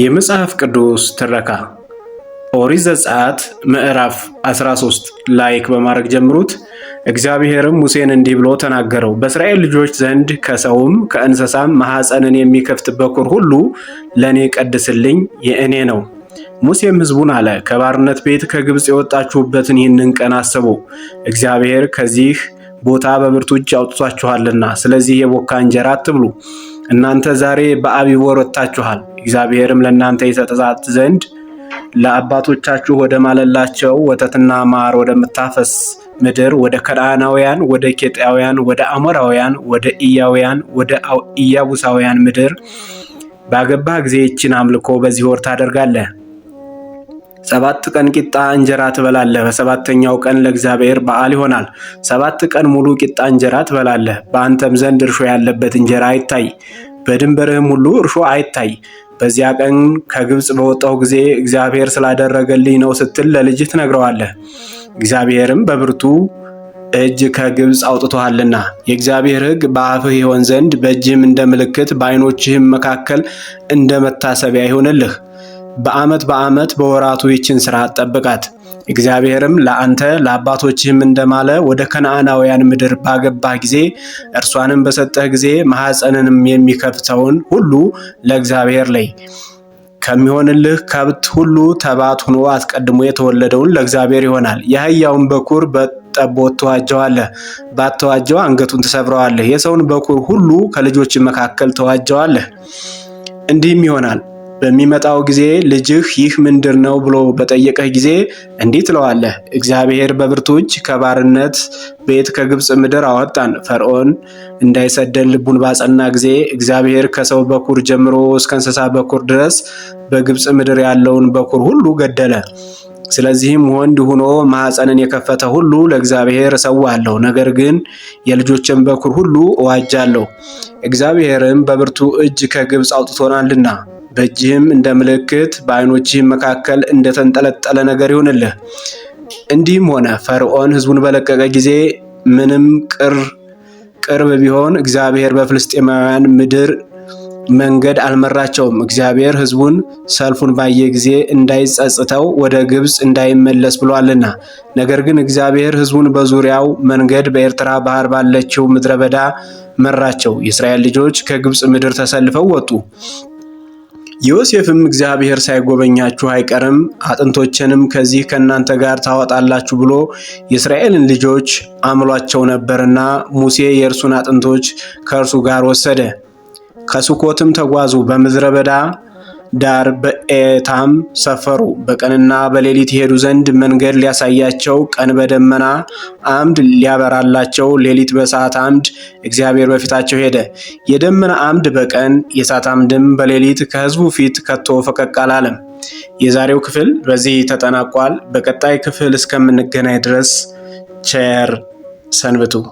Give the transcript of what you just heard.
የመጽሐፍ ቅዱስ ትረካ ኦሪት ዘጸአት ምዕራፍ 13 ላይክ በማድረግ ጀምሩት። እግዚአብሔርም ሙሴን እንዲህ ብሎ ተናገረው፣ በእስራኤል ልጆች ዘንድ ከሰውም ከእንስሳም ማሐፀንን የሚከፍት በኩር ሁሉ ለእኔ ቀድስልኝ፣ የእኔ ነው። ሙሴም ሕዝቡን አለ፣ ከባርነት ቤት ከግብፅ የወጣችሁበትን ይህንን ቀን አስቡ። እግዚአብሔር ከዚህ ቦታ በብርቱ እጅ አውጥቷችኋልና፣ ስለዚህ የቦካ እንጀራ አትብሉ። እናንተ ዛሬ በአቢብ ወር ወጥታችኋል እግዚአብሔርም ለእናንተ ይሰጥዛት ዘንድ ለአባቶቻችሁ ወደ ማለላቸው ወተትና ማር ወደምታፈስ ምድር ወደ ከነዓናውያን፣ ወደ ኬጣውያን፣ ወደ አሞራውያን፣ ወደ ኢያውያን፣ ወደ ኢያቡሳውያን ምድር ባገባ ጊዜ ይችን አምልኮ በዚህ ወር ታደርጋለህ። ሰባት ቀን ቂጣ እንጀራ ትበላለህ። በሰባተኛው ቀን ለእግዚአብሔር በዓል ይሆናል። ሰባት ቀን ሙሉ ቂጣ እንጀራ ትበላለህ። በአንተም ዘንድ እርሾ ያለበት እንጀራ አይታይ። በድንበርህም ሁሉ እርሾ አይታይ። በዚያ ቀን ከግብፅ በወጣሁ ጊዜ እግዚአብሔር ስላደረገልኝ ነው ስትል ለልጅህ ትነግረዋለህ። እግዚአብሔርም በብርቱ እጅ ከግብፅ አውጥቶሃልና የእግዚአብሔር ሕግ በአፍህ ይሆን ዘንድ በእጅህም እንደ ምልክት በዓይኖችህም መካከል እንደ መታሰቢያ ይሆንልህ። በዓመት በዓመት በወራቱ ይችን ስራ ጠብቃት። እግዚአብሔርም ለአንተ ለአባቶችህም እንደማለ ወደ ከነዓናውያን ምድር ባገባህ ጊዜ እርሷንም በሰጠህ ጊዜ ማኅፀንንም የሚከፍተውን ሁሉ ለእግዚአብሔር ለይ ከሚሆንልህ ከብት ሁሉ ተባት ሆኖ አስቀድሞ የተወለደውን ለእግዚአብሔር ይሆናል። የአህያውን በኩር በጠቦት ተዋጀዋለህ፣ ባተዋጀው አንገቱን ትሰብረዋለህ። የሰውን በኩር ሁሉ ከልጆች መካከል ተዋጀዋለህ። እንዲህም ይሆናል በሚመጣው ጊዜ ልጅህ ይህ ምንድር ነው ብሎ በጠየቀህ ጊዜ እንዲህ ትለዋለህ፣ እግዚአብሔር በብርቱ እጅ ከባርነት ቤት ከግብፅ ምድር አወጣን፣ ፈርዖን እንዳይሰደን ልቡን ባጸና ጊዜ እግዚአብሔር ከሰው በኩር ጀምሮ እስከ እንስሳ በኩር ድረስ በግብፅ ምድር ያለውን በኩር ሁሉ ገደለ። ስለዚህም ወንድ ሆኖ ማኅፀንን የከፈተ ሁሉ ለእግዚአብሔር እሰዋለሁ፣ ነገር ግን የልጆችን በኩር ሁሉ እዋጃለሁ፣ እግዚአብሔርም በብርቱ እጅ ከግብፅ አውጥቶናልና። በእጅህም እንደ ምልክት በዓይኖችህም መካከል እንደተንጠለጠለ ነገር ይሁንልህ። እንዲህም ሆነ፣ ፈርዖን ሕዝቡን በለቀቀ ጊዜ ምንም ቅርብ ቢሆን እግዚአብሔር በፍልስጤማውያን ምድር መንገድ አልመራቸውም። እግዚአብሔር ሕዝቡን ሰልፉን ባየ ጊዜ እንዳይጸጽተው ወደ ግብፅ እንዳይመለስ ብሏልና። ነገር ግን እግዚአብሔር ሕዝቡን በዙሪያው መንገድ በኤርትራ ባህር ባለችው ምድረ በዳ መራቸው። የእስራኤል ልጆች ከግብፅ ምድር ተሰልፈው ወጡ። ዮሴፍም እግዚአብሔር ሳይጎበኛችሁ አይቀርም አጥንቶቼንም ከዚህ ከእናንተ ጋር ታወጣላችሁ ብሎ የእስራኤልን ልጆች አምሏቸው ነበርና ሙሴ የእርሱን አጥንቶች ከእርሱ ጋር ወሰደ። ከሱኮትም ተጓዙ በምድረ በዳ ዳር በኤታም ሰፈሩ። በቀንና በሌሊት ይሄዱ ዘንድ መንገድ ሊያሳያቸው ቀን በደመና አምድ ሊያበራላቸው ሌሊት በእሳት አምድ እግዚአብሔር በፊታቸው ሄደ። የደመና አምድ በቀን የእሳት አምድም በሌሊት ከህዝቡ ፊት ከቶ ፈቀቅ አላለም። የዛሬው ክፍል በዚህ ተጠናቋል። በቀጣይ ክፍል እስከምንገናኝ ድረስ ቸር ሰንብቱ።